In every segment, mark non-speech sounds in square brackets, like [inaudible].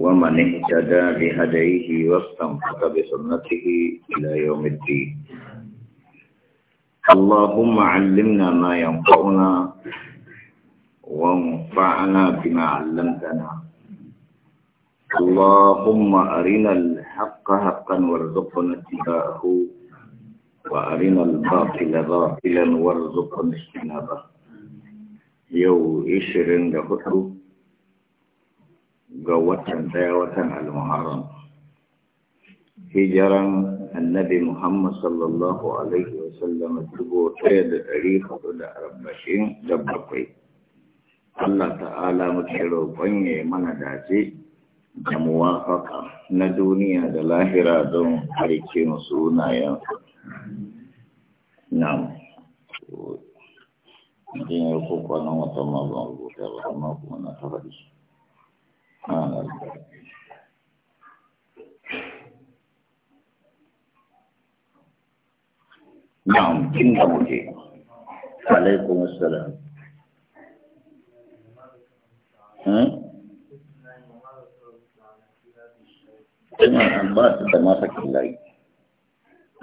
ومن اهتدى بهديه واستنفق بسنته إلى يوم الدين اللهم علمنا ما ينفعنا وانفعنا بما علمتنا اللهم أرنا الحق حقا وارزقنا اتباعه وأرنا الباطل باطلا وارزقنا اجتنابه يو إشرين لخطوه ga watan daya watan al-muharram hijiran annabi muhammad sallallahu alaihi wasallam dubu ɗaya da ɗari hudu da arba'in da bakwai Allah ta'ala muke roƙon ya mana dace da muwafaka na duniya da lahira don aiki sunayen nan. idan ya kokwa na wata rubuta ba kuma na Ah. Na'am, kin da muje. Alaikum assalam. Hmm? Ina ba su da mata killayi.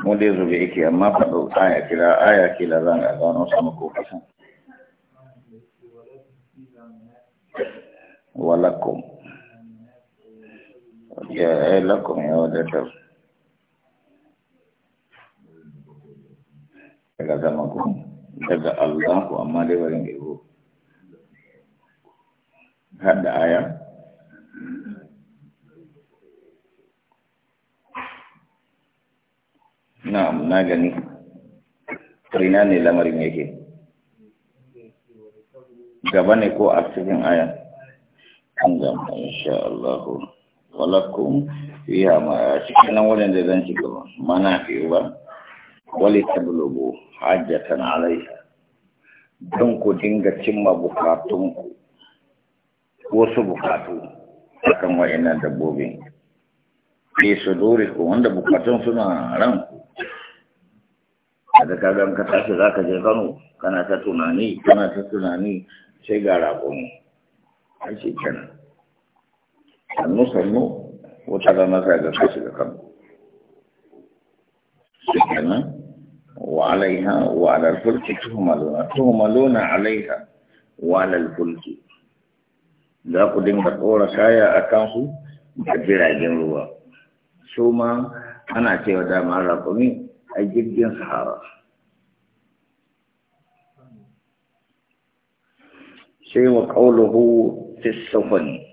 Mu dai zube yake amma faɗo aya kira aya kila zan a ya lakum ya wadatar daga zama ku daga Allah ku amma dai warin ibo hada aya na na gani rina ne lamarin yake gaba ne ko a cikin aya an gama insha Allah walakum fiha ma cikin nan wurin da zan shiga mana fi ba wali tablugu hajjatan alaiha don ku dinga cimma bukatunku wasu bukatu akan wa'annan su fi ku wanda bukatun suna ranku da ga ka tashi za ka je kano kana ta tunani kana ta tunani sai ga raƙon a shi kenan Hannu sannu wata rana ta ga su shiga kan shikenan wa alaiha wa alal fulki tuhmaluna alaiha wa fulki za ku dinga tsora kaya a kansu da jiragen ruwa su ma ana cewa dama rakumi a jirgin sahara sai wa ƙaunuhu fi sufani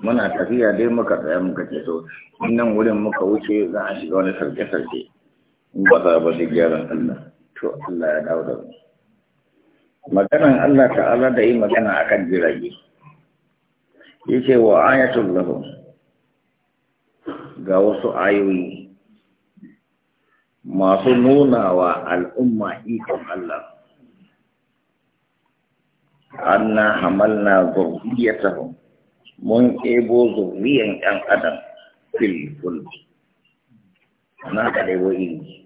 muna tafiya dai muka tsaya muka ce so nan wurin muka wuce za a shiga wani sarke-sarke in ba za ba duk gyaran Allah to Allah ya dawo da mu maganan Allah ta'ala da yi magana akan jirage yake wa ayatul lahu ga wasu ayoyi masu nuna wa al'umma ikon Allah anna hamalna zurriyatahum mun ebo zuriyan ɗan adam fil fulki na ka ɗebo iri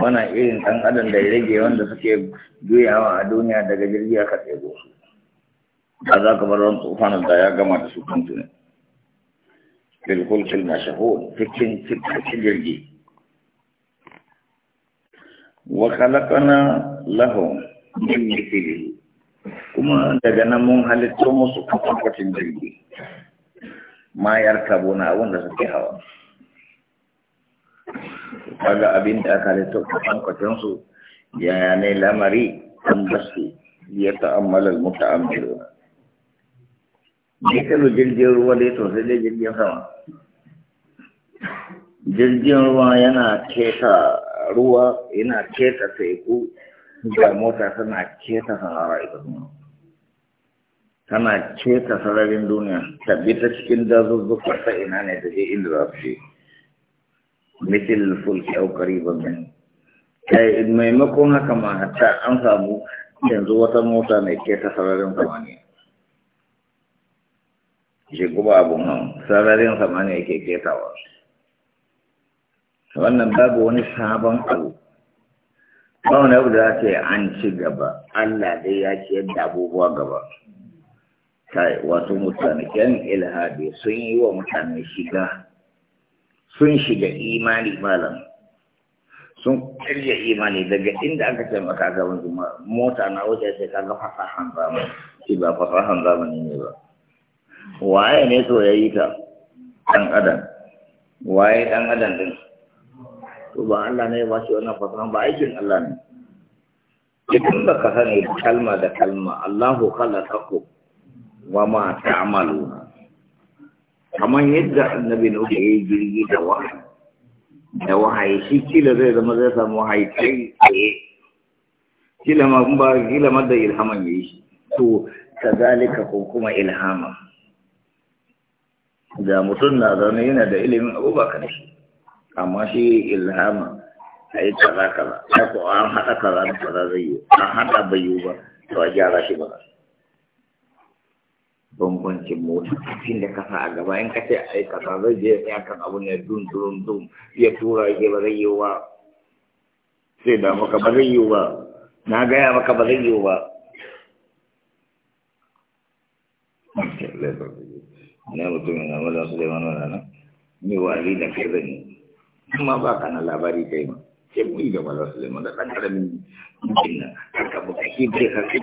mana irin ɗan adam da ya rage wanda suke juyawa a duniya daga jirgi aka ɗebo su ba za ka bar wani tsofanin da ya gama da su kan tuni fil fulki shaho, cikin cikin jirgi wa khalaqana lahum min mithlihi kuma daga nan mun halitto musu kwatankwacin jirgi mayar kabo na abin da suke hawa kaga abin da aka halitto kwatankwacin su yaya ne lamari an basu ya ta'ammala muta'ammilu ne kalu jirgin ruwa dai to sai dai jirgin sama jirgin ruwa yana keta ruwa yana keta teku ga mota tana keta sahara ita tana ceta sararin duniya tabbita cikin dazuzzuka ta ina ne ta je inda za su ce mitil fulki au kariban min kai eh, maimakon haka ma hatta an samu yanzu wata mota mai ta sararin samaniya shi kuma abu nan sararin samaniya ke wa? wannan babu wani sabon abu ba wani abu da za ta yi an ci gaba allah dai ya ce yadda abubuwa gaba kai wato mutane yan ilhadi sun yi wa mutane shiga sun shiga imani malam sun karya imani daga inda aka ce maka ga wani mota na wuce sai ka ga fasahan zamani shi ba fasahan zamani ne ba waye ne so ya yi ta dan adam waye dan adam din to ba Allah ne ba shi wannan fasahan ba aikin Allah ne Ki ba ka sani kalma da kalma Allahu khalaqakum wa ma ta'maluna kamar yadda annabi Nuhu ya yi jirgi da wahayi da wahayi shi kila zai zama zai samu wahayi kai tsaye kila ma ba kila ma da ilhaman ya yi shi to kazalika ko kuma ilhama da mutum na zaune yana da ilimin abubakar shi amma shi ilhama a yi kaza kaza ya ko an haɗa kaza da kaza zai yi an haɗa bai yi ba to a gyara shi ba bambancin mota cikin da kasa a gaba in kace a yi kasa zai je ya kan abu ne dun dun dun ya tura ya ba zai yi sai da maka ba zai yi ba na gaya maka ba zai yi ba na na mazan su da kuma ba ka na labari kai ma mu yi da da ɗan ƙaramin mutum na bai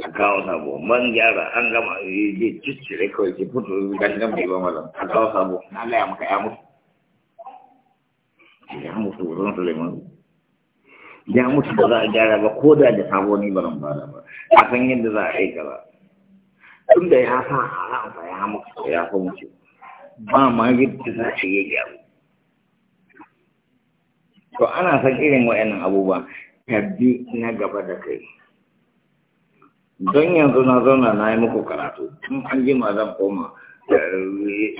a kawo sabo man gyara an gama yi eh, je ciccire kawai ke fito gama yi ba malam a kawo sabo na gaya maka ya mutu ya mutu wurin suleiman ya mutu ba za a gyara ba ko da da sabo ni baran da ba a san yadda za a aika ba tun da ya sa ba ya mutu ya fi mutu ba ma yadda za a yi gyaru to ana san irin wa'annan abubuwa tabbi na gaba da kai don yanzu na zauna na yi muku karatu in an ji ma zan koma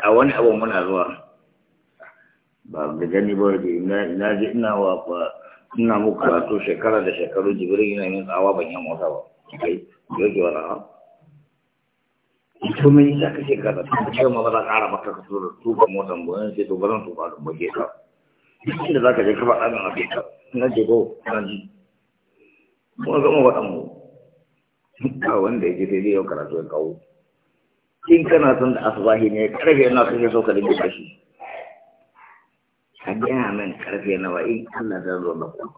a wani abu muna zuwa ba da gani ba da na ji ina wa ba ina muku karatu shekara da shekaru jibirin yana yin tsawa ban yi wata ba kai yau ke wani ha to me yasa ka ce kaza ta ce ma ba za ka ara maka ka tura tuba motan ba sai to ba zan tuka ba ke ka inda za ka je ka ba dan abin ka na je ko na ji mu zama dan mu A wanda ya ce sai dai yau karatu ya kawo in kana son da asubahi ne karfe na kake so ka dinga kashi a gina min karfe wa in Allah zan zo da ku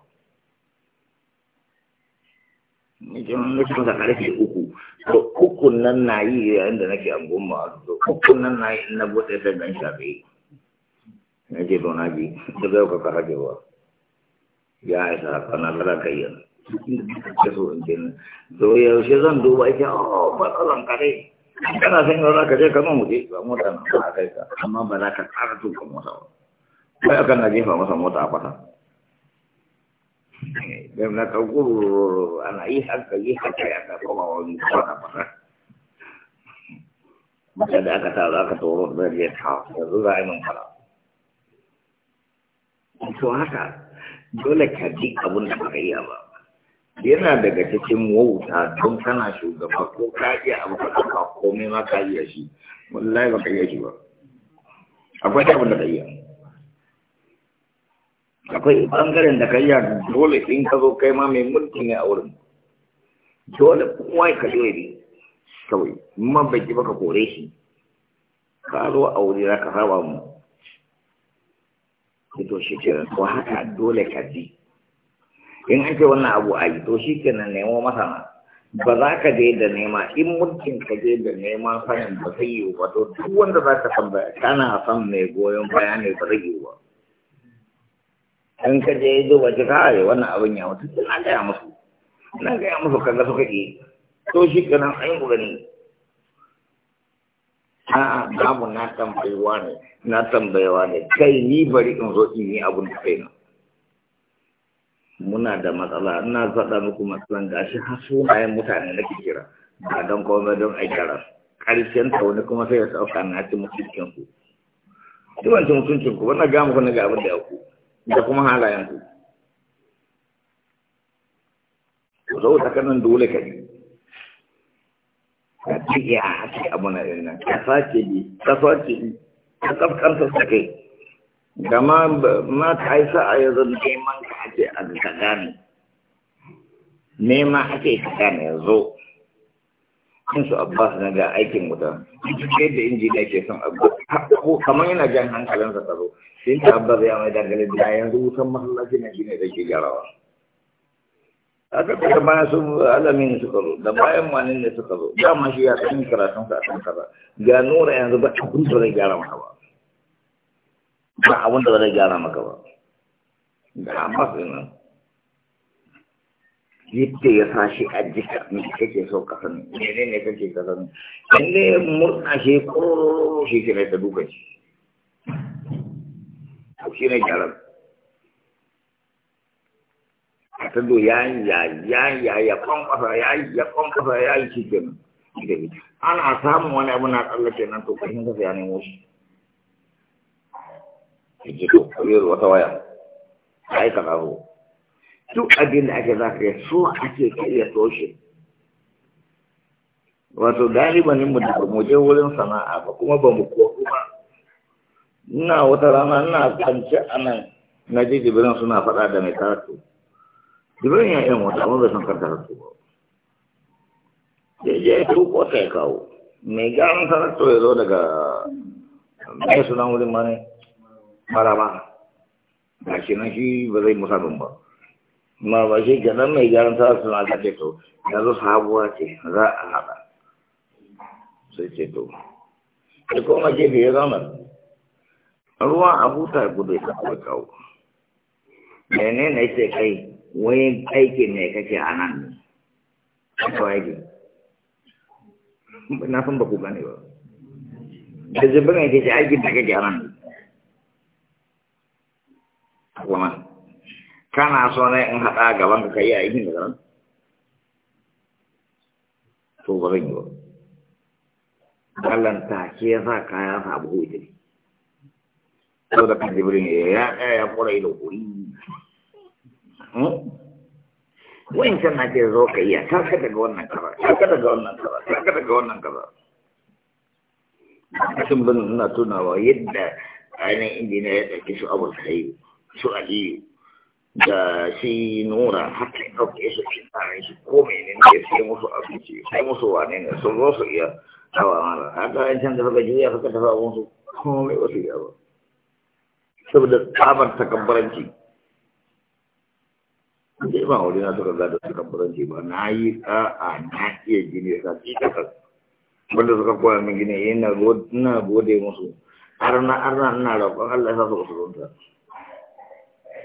wani nufin sa karfe uku, to uku nan na yi yayin da nake angoma a uku nan na yi na bude sai dan shafe. Na ce to na ji, da zai ka kara jewa. Ya isa, kana zara kayyana. da so in gina yaushe zan duba oh, oh, kare kana san yau za kama mu je ba mota na ba kai ka amma ka tuka mota ba kai akan na jefa masa mota a fata da na kankuru ana yi haka yi haka ya ka koma wani fata fata maka da aka aka toro da ya yanzu za a yi min haka dole ka ji abin da ba yana daga cikin wauta don kana shugaba ko ka iya abu ka ɗauka komai ma ka iya shi wallahi ba ka iya shi ba akwai abin da ka iya akwai ɓangaren da ka iya dole in ka zo kai ma mai mulki ne a wurin dole kowa ka zo ne kawai ma bai ji baka kore shi ka zo a wuri za ka saba mu to shi kenan ko haka dole ka ji in an ce wannan abu a yi to shi ke nan nemo masana ba za ka je da nema in mutum ka je da nema sanin ba zai yiwu ba to duk wanda za ka tambaya kana son mai goyon baya ne ba zai yiwu ba in ka je duba ka kawai wannan abin ya mutu na gaya musu na gaya musu kaga su ke to shi nan an yi gani a'a babu na tambayewa ne na tambayewa ne kai ni bari in zo in yi abun da kai na muna da matsala ina faɗa muku matsalan gashi har sunayen mutane na kira ba don kome don aikara ƙarshen ta wani kuma sai ya sauka na ci mutuncin ku tuban ci mutuncin ku wannan gamu kuna ga da ya da kuma halayen ku ku zo ta kanan dole ka yi ka ci ya haske abu na ɗin nan ka sake bi ka sake bi ka kafkanta sa kai gama ma ta yi sa'a yanzu neman ka ake a ka gane nema ake ka gane yanzu Kansu su abbas na ga aikin wuta cikin da inji da ke son abu kamar yana jan hankalin sa tsaro sai ta abbas ya mai dangane da yanzu wutan masallaci na shine da ke gyarawa aka kuma bayan sun alamin ka zo da bayan manin ne su ka zo dama shi ya san karatun sa a kan kaza ga nura yanzu ba abin da zai gyara mana ba ba abin da zai gyara maka ba da abbas ɗin yadda ya sa shi a jika ne kake so ka sani mene ne kake ka sani inda murna shi kururu shi ke ta duka shi shi ne gyara gyaran ta do ya yi ya ya ya kwankwasa ya yi ya kwankwasa ya yi shi ke nan ana samun wani abu na tsallake nan to kashin kasa ya nemo shi yake to koyar wata waya ai ka zo duk abin da ake za ka yi so ake iya toshe wato galibanin mu da mu je wurin sana'a ba kuma ba mu ko kuma ina wata rana ina kwance a nan na je jibirin suna faɗa da mai karatu jibirin ya yin wata amma bai san kan karatu ba sai je ya tuko ta ya kawo mai gano karatu ya zo daga mai sunan wurin mani. Ba da shi nan shi ba zai musabin ba ma ba shi ganin mai gyaran ta suna ga ce to yanzu sabuwa ce za a haɗa sai ce to ya koma gefe ya zama ruwa a buta gudu ta kawai kawo mene ne ce kai wani aikin ne kake a nan ne kawai aiki na san ba ku gane ba da zubin ake ce aiki da kake a nan kuma kana so ne in haɗa gaban ka yi aikin da gaban to ba zan yi ba Allah ta ke ya sa kaya sa abu ita ne sau da kan jibirin ya ya ya kura ido kuri hmm? wayan can na ce zo ka iya ta ka daga wannan kaza ta ka daga wannan kaza ta daga wannan kaza mutum bin na tunawa yadda ainihin injiniya ya ɗauki su abu sai su aliyu da shi nura haka ya ɗauke su shi tsarin shi ko mene ne sai musu abinci sai musu wane ne sun zo su iya hawa mara haka yan can da suka juya suka tafa musu kuma mai wasu iya ba saboda tsabar takabbaranci da ima wani na suka gada takabbaranci ba na yi a na iya gini sa ci kasar wanda suka koya min gini ina gode musu har na har na ina roƙon Allah ya sa su wasu kusurunta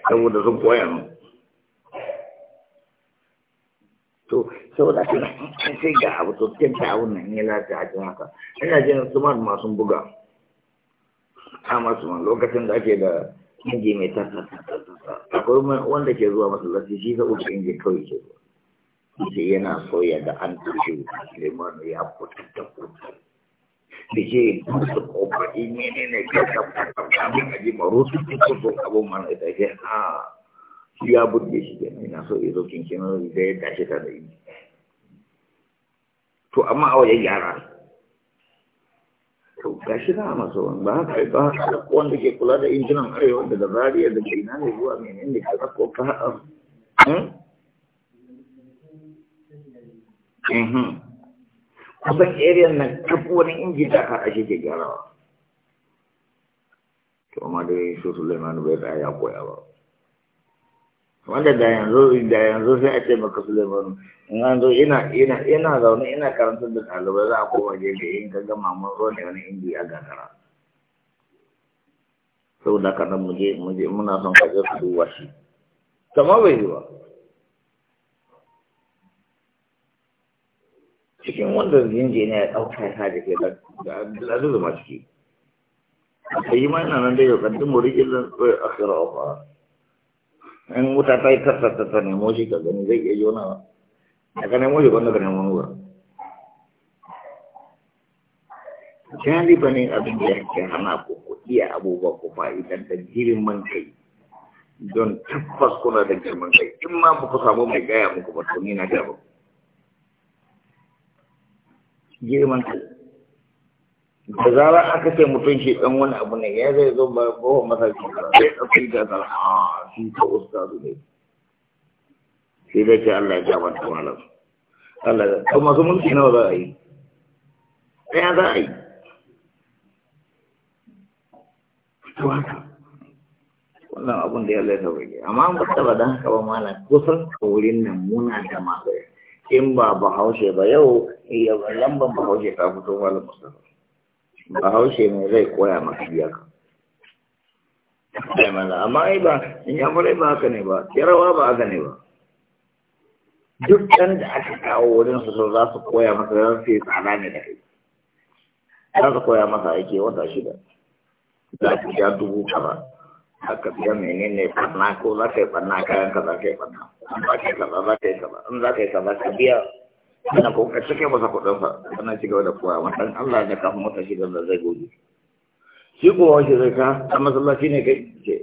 saboda sun koya mu to saboda haka na sai ga abu to ta abun nan ya lafi a cikin haka ina jin su ma masu buga a masu ma lokacin da ake da inji mai tasa akwai wanda ke zuwa masallaci shi saboda inji kawai ke zuwa yana so ya ga an tushe limanu ya fitar da kuta da masuk musu ini ini ne ke kami aji maro su mana ita aja a shi ya burge shi nasi itu so izo kinkin kasih ya ini ta ama yi to amma tu wajen yara to gashi na masu wani ba haka ba ada ke kula da injinan ada da zariya da ke ne zuwa menene da kaza kusan area nan duk wani inji da aka ashe ke gyarawa to amma dai su Suleiman bai da ya koya ba wanda da yanzu da yanzu sai a ce maka Suleiman in an zo ina ina ina zaune ina karantar da ɗalibai za a koma gefe in ka gama mun zo ne wani inji a gagara saboda haka nan muje muje muna son ka je su duba shi kamar bai yi ba cikin wanda zinje ne ya ɗauka ya sa da ke da zuzuma ciki a yi ma yana nan da yau kan tumuri ilin tsoye eh, a kira ofa in wuta ta yi kasarta ta nemo shi ka gani zai iya yona ba a ka nemo shi wanda ka nemo nuwa jari ba ne abin da yake hana ku ku iya abubuwa ku fa'idan da man kai don tabbas kuna da girman kai in ma ba ku samu mai gaya muku ba to ni na gaba girman kai da zarar aka ce mutum shi dan wani abu ne ya zai zo ba ko masa shi zai ɗauki da zara a ah, shi ta ustazu ne sai da ce Allah ya jaba ta malam Allah ya to masu mulki nawa za a yi ɗaya za a yi to haka wannan abun da ya laifin rage amma an ba ta ba don haka ba malam kusan wurin nan muna da masu in ba bahaushe ba yau eh, lamban bahaushe ta fito malam musamman bahaushe ne zai koya maka iyaka eh, amma ai ba in yamurai ba haka ne ba yarawa ba aka ne ba duk ɗan da aka kawo wurin su so za su koya masa za su yi da kai za su koya masa aiki wata shida za su ja dubu kaba haka biya menene farna ko za ka yi farna kayan ka za ka yi farna an ba ka yi za ka yi kaza an za ka yi kaza ka biya ana ko ka cike masa kuɗin sa ana ci gaba da koya wannan Allah da kafin mata shi da zai goge shi ko wani zai ka a masallaci ne kai ce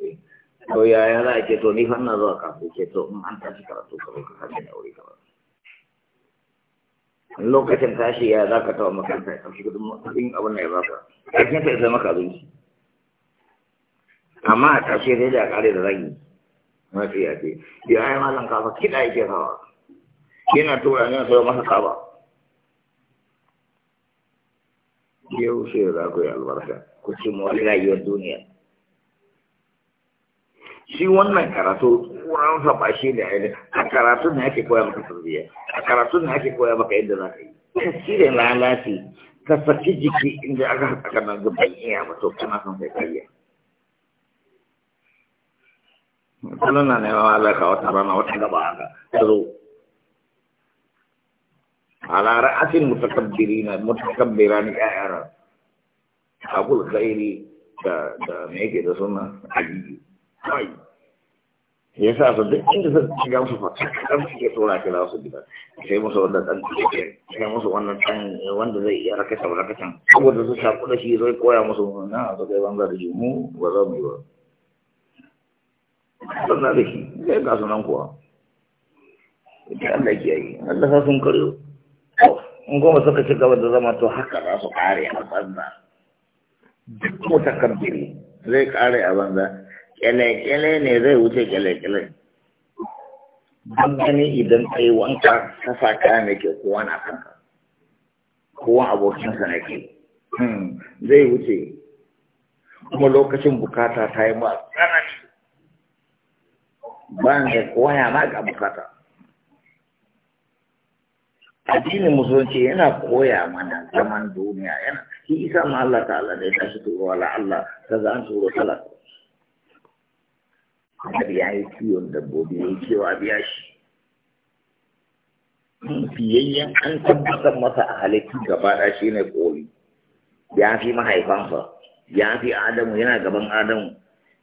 to ya za a ce to ni fa ina zuwa kafin ce to in an tashi karatu ka ka kaje da wuri kawai lokacin tashi ya za ka tawa makaranta ya ɗauki kudin abin da ya ba ka ƙarshen ta ya zama zo shi amma a ƙarshe dai da ƙare da zagi mafi ya ce ya yi malam kafa kiɗa yake hawa yana tura nan sau masa kaba yau sai za ku yi albarka ku ci mawar rayuwar duniya shi wannan karatu wuransa ba shi ne ainihin a karatun ne ake koya maka tarbiyya a karatun ne ake koya maka yadda za ka yi ka cire lalaci ka saki jiki inda aka haka nan zuban iya ba to kana son sai kariya kullum na neman Allah ka wata rana wata gaba haka ta zo a lara asin mutakabbiri na mutakabbira ni ƴaƴara abul khairi da da me yake da suna ajiyi kai ya sa su duk inda suka shiga su fa kan suke tura ki za su gida sai musu wanda dan take sai musu wannan dan eh, wanda zai iya raka sauraka can saboda su shaku shi zai koya musu na zo kai banza da mu ba za mu yi ba Allah da shi zai ga sunan kuwa ita Allah ke yi Allah sa sun karyo in goma suka ci gaba da zama to haka za su kare a banza duk mutakabbiri zai kare a banza kyale-kyale ne zai wuce kyale-kyale don gani idan ka yi wanka ta sa kaya mai kyau kowa na kanka kowa abokinsa na ke hmm, zai wuce kuma lokacin bukata ta yi ma tsanani ban da koya ma ga bukata addinin musulunci yana koya mana zaman duniya yana shi isa ma Allah ta'ala da ya shi turo wala Allah ta zan an turo Abi ya yi kiwon dabbobi ya yi kiyo abi ya shi. Fiyayyen an tabbatar masa a halittu gaba da shi ne koli Ya fi mahaifansa, ya fi Adamu yana gaban Adamu.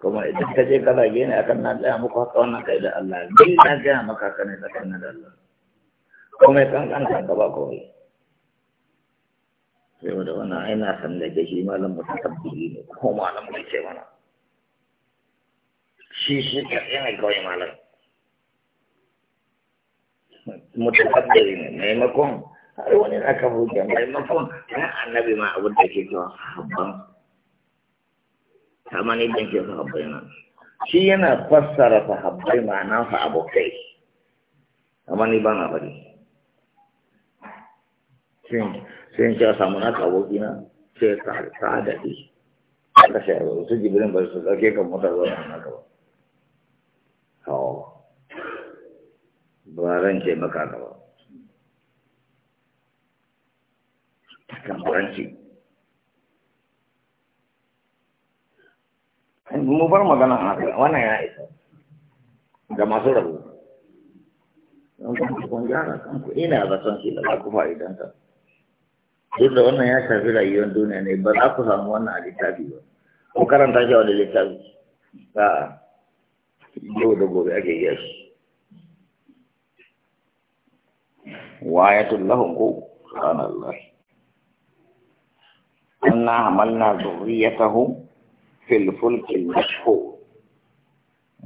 kuma idan ka je kana a akan na tsaya muku haka wannan kai da Allah ni na gaya maka haka ne tsakanin da Allah kuma ya kankan ka gaba kawai sai da wannan ai na san da shi malam mutum tabbiri ne ko malam mai ce mana shi shi ka yana kawai malam mutum tabbiri ne maimakon har wani na ka buke maimakon ɗan annabi ma abin da ke cewa babban kamar yadda ke sahabbai nan? shi yana fassara sahabbai ma'ana sa abokai amma ni ba na bari sai ce samu na aboki na sai ta adadi aka shi su jibirin ba su ɗauke kan motar wani na gaba hawa ba ran ce maka gaba ta kan mu bar magana haka wannan ya isa ga masu rabu kun gyara kanku ina da kila za ku fa'idanta duk da wannan ya shafi rayuwar duniya ne ba za ku samu wannan a littafi ba ko karanta shi a wani littafi a yau da gobe ake yi shi wayatul lahum ko subhanallah anna hamalna zurriyatahum fil fulkin mashhur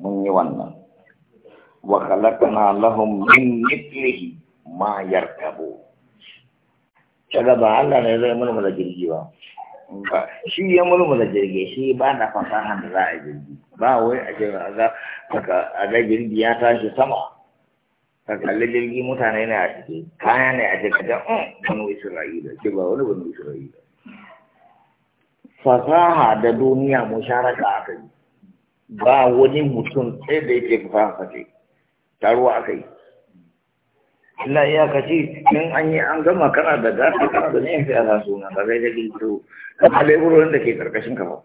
mun yi wannan wa khalaqna lahum min mithlihi ma yarkabu kaga ba Allah ne zai mulmu da jirgi ba shi ya mulmu da jirgi shi ba da fasahan da za a jirgi ba wai a ce a ga jirgi ya tashi sama ka kalli jirgi mutane ne a ciki kaya ne a ciki da wani mm, isra'ila ce ba wani wani isra'ila fasaha da duniya musharaka aka yi ba wani mutum ɗaya da yake fasaha ce taruwa aka yi Allah ya ka ce in an yi an gama kana da gasa kana da ne fi ala suna ba zai da to kama da ke karkashin ka ba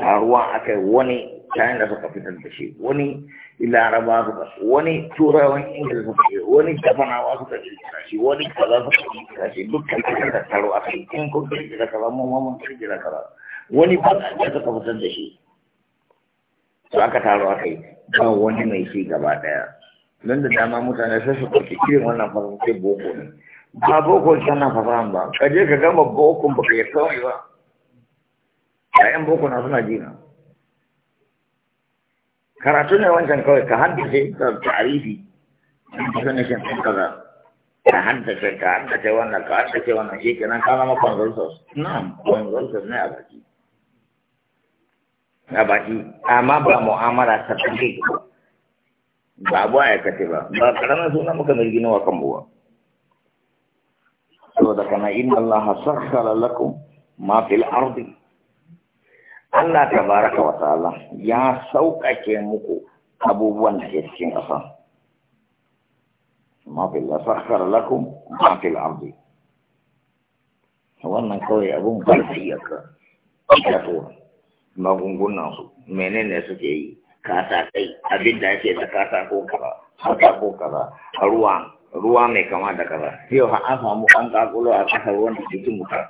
taruwa aka yi wani da suka fitar da shi wani laraba suka wani turawan inda suka ce wani jabanawa suka kirkira shi wani kaza suka kirkira shi dukkan kasar da taro a kai in kun kirkira kaza mun ma mun da kaza wani baƙaƙe suka fitar da shi su aka taro a kai ba wani mai shi gaba daya don da dama mutane sai su ɗauki irin wannan fahimce boko ne ba boko kana fasahan ba kaje ka gama bokon ba ka yi kawai ba 'ya'yan boko na suna jina karatu ne wancan kawai ka haddace da tarihi definition ɗin kaza ka haddace ka haddace wannan ka haddace wannan shi kenan ka zama consultant na'am consultant ne a baki a baki amma ba mu'amala ta take ba abu aikace ba ba karamin suna muka zargi wa kan buwa saboda kana inna allaha sakhkhara lakum ma fil ardi Allah tabaraka wa ta'ala ya sauƙaƙe muku abubuwan da ke cikin ƙasa ma fil sakhkhara lakum ma fil ardi wannan kawai abun barci yaka ya to magungunan su menene suke yi katakai abin da ake da katako kaza ko kaza ruwa ruwa mai kama da kaza yau an samu an kakulo a kasa ruwan da cikin mutum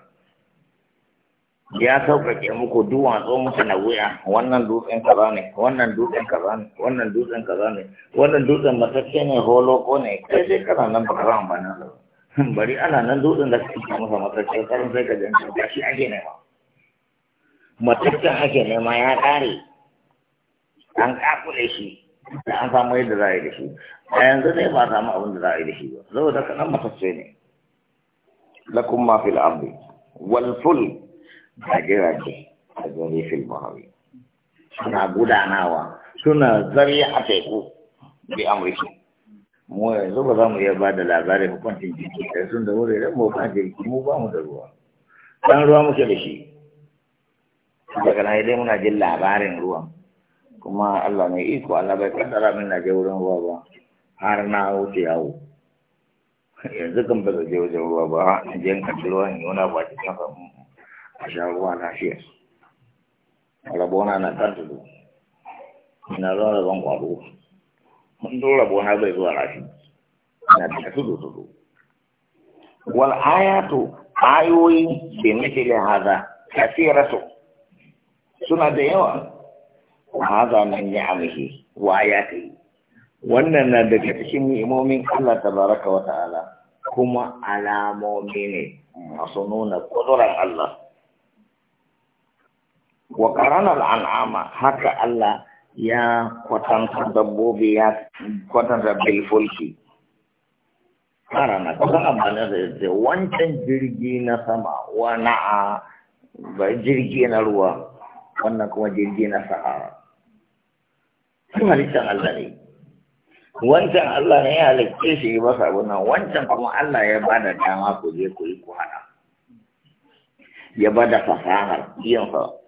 ya sauƙaƙe muku duwatsu musu na wuya wannan dutsen kaza ne wannan dutsen kaza ne wannan dutsen kaza ne wannan dutsen matacce ne ko ne kai sai kana nan ba karan ba nan [laughs] bari ana nan dutsen da ka ci masa matacce karan sai ka janta ba shi ake nema matacce ake nema ya ƙare an ƙakule shi da an samu yadda za a yi da shi a yanzu ne ba samu abin da za a yi da shi ba saboda kaɗan matacce ne lakum ma fil ardi wal fulk da jirage a zarifin bahari suna gudanawa suna zari a teku bi amurki mu yanzu ba za mu iya ba da labarin hukuncin jirgi da sun da wuri mu ba jirgi mu ba mu da ruwa Dan ruwa muke da shi daga nan dai muna jin labarin ruwan kuma Allah mai iko Allah bai kaddara min na je wurin ruwa ba har na wuce yawo yanzu kan ba zai je wajen ruwa ba in je in kalli ruwan yau na ba cikin a sha ruwa lafiya rabona na kan tudu ina zuwa rabon kwado mun zo rabona bai zuwa rafi Ina da tudu tudu wal ayatu ayoyi bi mithli hadha kathiratu suna da yawa hadha min ni'amihi wa ya ayatihi wannan na daga cikin ni'imomin Allah tabaraka wa ta'ala kuma alamomi ne masu nuna kudurar Allah wa karanar al'ama haka Allah ya kwatanta dabbobi ya kwatanta bilfulki. fulki qarana ko amana da wancan jirgi na sama wa na'a ba jirgi na ruwa wannan kuma jirgi na sahara sun halittar Allah ne wancan Allah ne ya halitta shi yi masa abu nan wancan kuma Allah ya bada dama ku je ku yi ku hada ya bada fasahar iyansa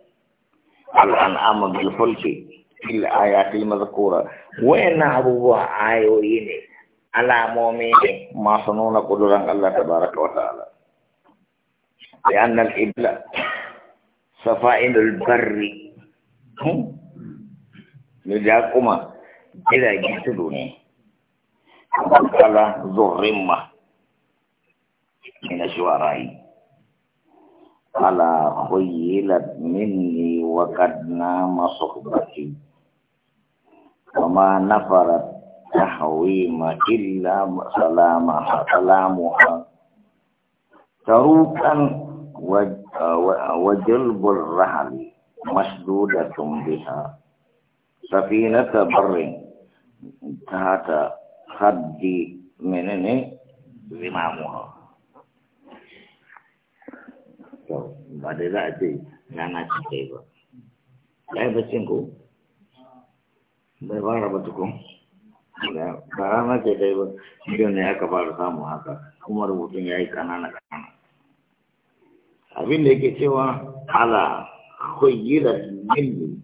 al'an'am bil fulki fil ayatil mazkura wayannan abubuwa ayoyi ne alamomi ne masu nuna kuduran Allah baraka wa ta'ala Sai anna al ibla safainul barri ne da kuma jirage tudu ne kala zurrimma min ashwarai فلا خيلت مني وقد نام صحبتي وما نفرت تحويم إلا سلامها سلامها تروكا وجلب الرحل مشدودة بها سفينة بر تحت خدي منني زمامها ba da za a ce rana ce kai ba ya yi baccin ko bai fara ba tukun ba rana ce yi ba ido ne aka fara samu haka kuma rubutun ya yi kanana kanana abin da yake cewa ala khuyyirat minni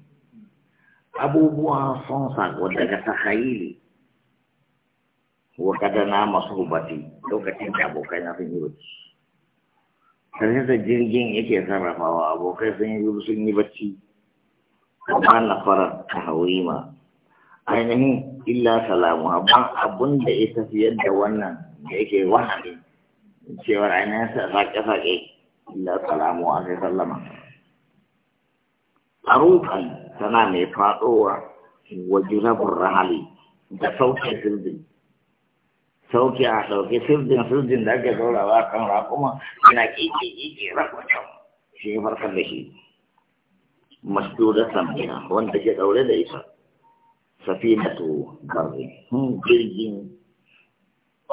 abubuwa sun sako daga sahayili wa kadana masu hubati lokacin da abokai na sun yi wuce sai da jirgin yake sarrafawa abokai sun yi sun yi bacci amma na fara tahawima ainihin illa salamu amma abun da ya tafiyar yadda wannan da yake wahale, cewar ainihin sa sake-sake illa salamu a kai sallama tarukan tana mai faɗowa wajen rahali da sautin zirgin sauke a sauke sirdin sirdin da ake zaurawa kan raƙuma yana ƙiƙi ƙiƙi rakwacin shi ya farkar da shi masu da samina wanda ke ɗaure da isa safinatu garri hmm, jirgin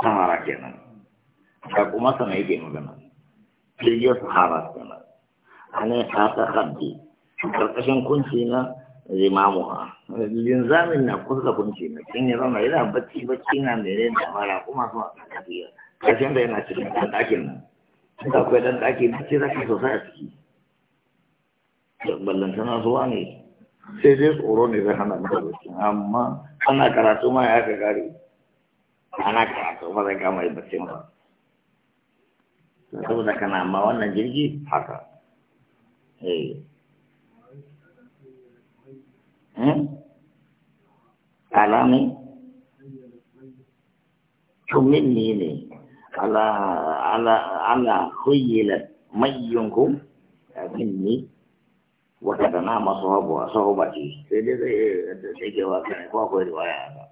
sahara kenan raƙuma sana yake magana jirgin sahara kenan a ne ta ta ƙarfi ƙarƙashin kunci na limamuha linzamin na kusa kunci na kin ya zama yana bacci bacci na mere da mara kuma zuwa tafiya kashin da yana cikin dan dakin nan sun da akwai dan daki na ce zaka sosai a ciki ballan tana zuwa ne sai dai tsoro ne zai hana maka bacci amma ana karatu ma ya ka kare ana karatu ma zai kama yi bacci ba saboda kana ma wannan jirgi haka eh Hmm? alami tuminni ne ala ala ala huyilat mayyunkum minni wa kada na masu habu a sahobati sai dai zai da take wa kai ko akwai riwaya ba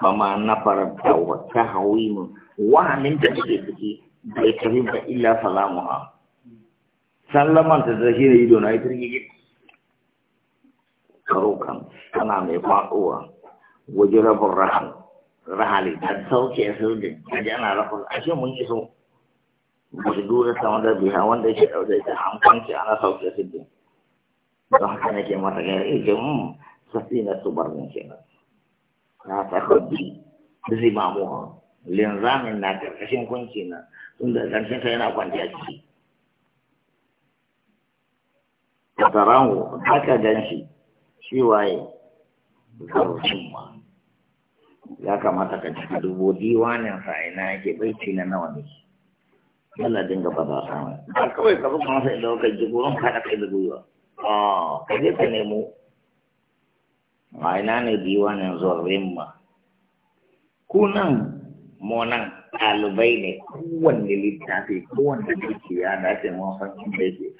fama nafar tawwa tahwimu wa min da take ciki bai tafi ba illa salamuha sallaman ta da shi ne ido na yi turgigi karokan tana mai faɗowa waje rabin rahal rahali ta sauke su da kaji ana rafin ashe mun iso ba su dura sama da biya wanda yake ɗaure ta an kwanci ana sauke su da don haka nake mata gani ike eh, mun hmm, safi na su barin kenan na ta kabbi zai mamuwa linzamin na ƙarƙashin kunci na tunda ƙarshen ta yana kwanci a ciki. Tarahu, haka gan shi, shi waye zarafin ma ya kamata ka cika dubo diwanin sa ina yake baiti na nawa ne yana dinga ba za a mai ba kawai ka zuba masa inda kai ji gurin ka kai da gwiwa a ka je ka nemo a ina ne diwanin zuwa ma ku nan mu nan ɗalibai ne kowanne littafi kowanne dukiya da ake mawasan inda ce.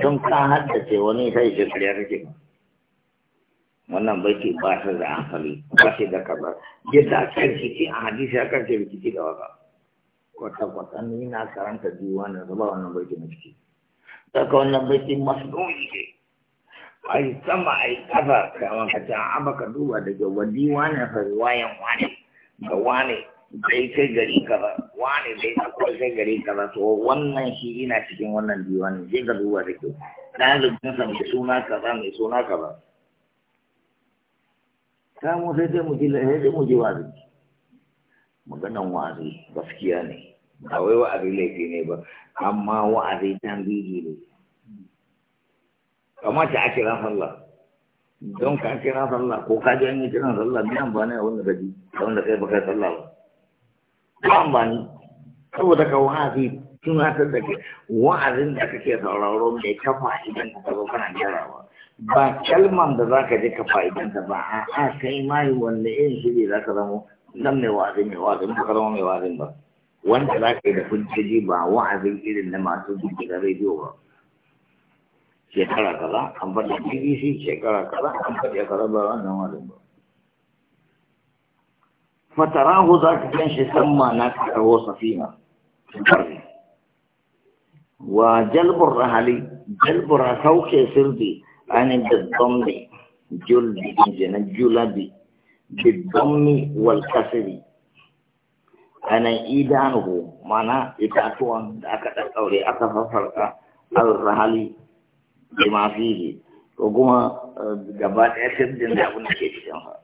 don ka haddace wani sai shekariya kake ba wannan baiti ba shi da asali ba shi da kaza yadda aka rikici a hadisi aka ce rikici da waka kwata kwata ni na karanta jiwa na zaba wannan baiti na ciki daga wannan baiti ke a yi sama a yi kaza kamar ka ta amma ka duba daga wadi wani fa wayan wani ga wani bai kai gari kaza wani bai akwai kai gari kaza to wannan shi ina cikin wannan wani, zai ga duba da kyau ɗalibinsa mai suna kaza mai suna kaza ta mu sai dai mu ji sai dai mu ji wazi maganan wazi gaskiya ne ba wai wa'azi laifi ne ba amma wa'azi tambihi ne ta a kira sallah don ka kira sallah ko ka ji an yi kiran sallah bi amfani a wanda gaji a wanda kai baka sallah ba ba amfani saboda ka wa'azi tunatar da ke wa'azin da kake sauraro mai kafa idan ka zo kana gyarawa ba kalman da za ka je ka fa'idan da ba a a kai ma yi wanne irin shiri za ka zamo nan mai wa'azin mai wa'azin ba ka zama mai wa'azin ba wanda za ka yi da hujjaji ba wa'azin irin na masu duki da rediyo ba shekara kaza an faɗi bbc shekara kaza an faɗi kaza ba wannan wa'azin ba fatarahu za ka gan shi samma na karo safina wa jalbur rahali jalbur sauke sirdi ani bidomi jul bi jena jula bi bidomi wal kasri ana idanu mana itatuwan da aka daure aka farka al rahali bi ma fihi ko kuma eh, gaba ɗaya sai din da abun da ke cikin sa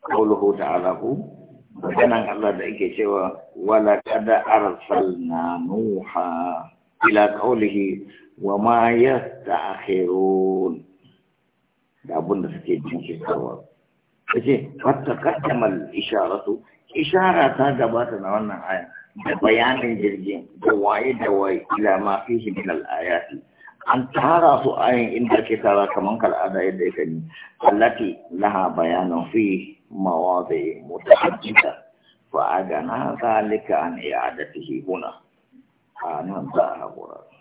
qawluhu ta'ala Allah da yake cewa wala kada arsalna nuha ila qawlihi wa ma yasta'khirun da abin da suke jinkirtawa kace fatta kaddamal isharatu ishara ta gabata na wannan aya da bayanin jirgin da waye da waye ila ma fihi min al ayati an tara su ayin inda ake tara kaman kal'ada yadda ya gani allati laha bayanan fi mawadi mutahaddidah fa agana zalika an i'adatihi huna anan za a hakura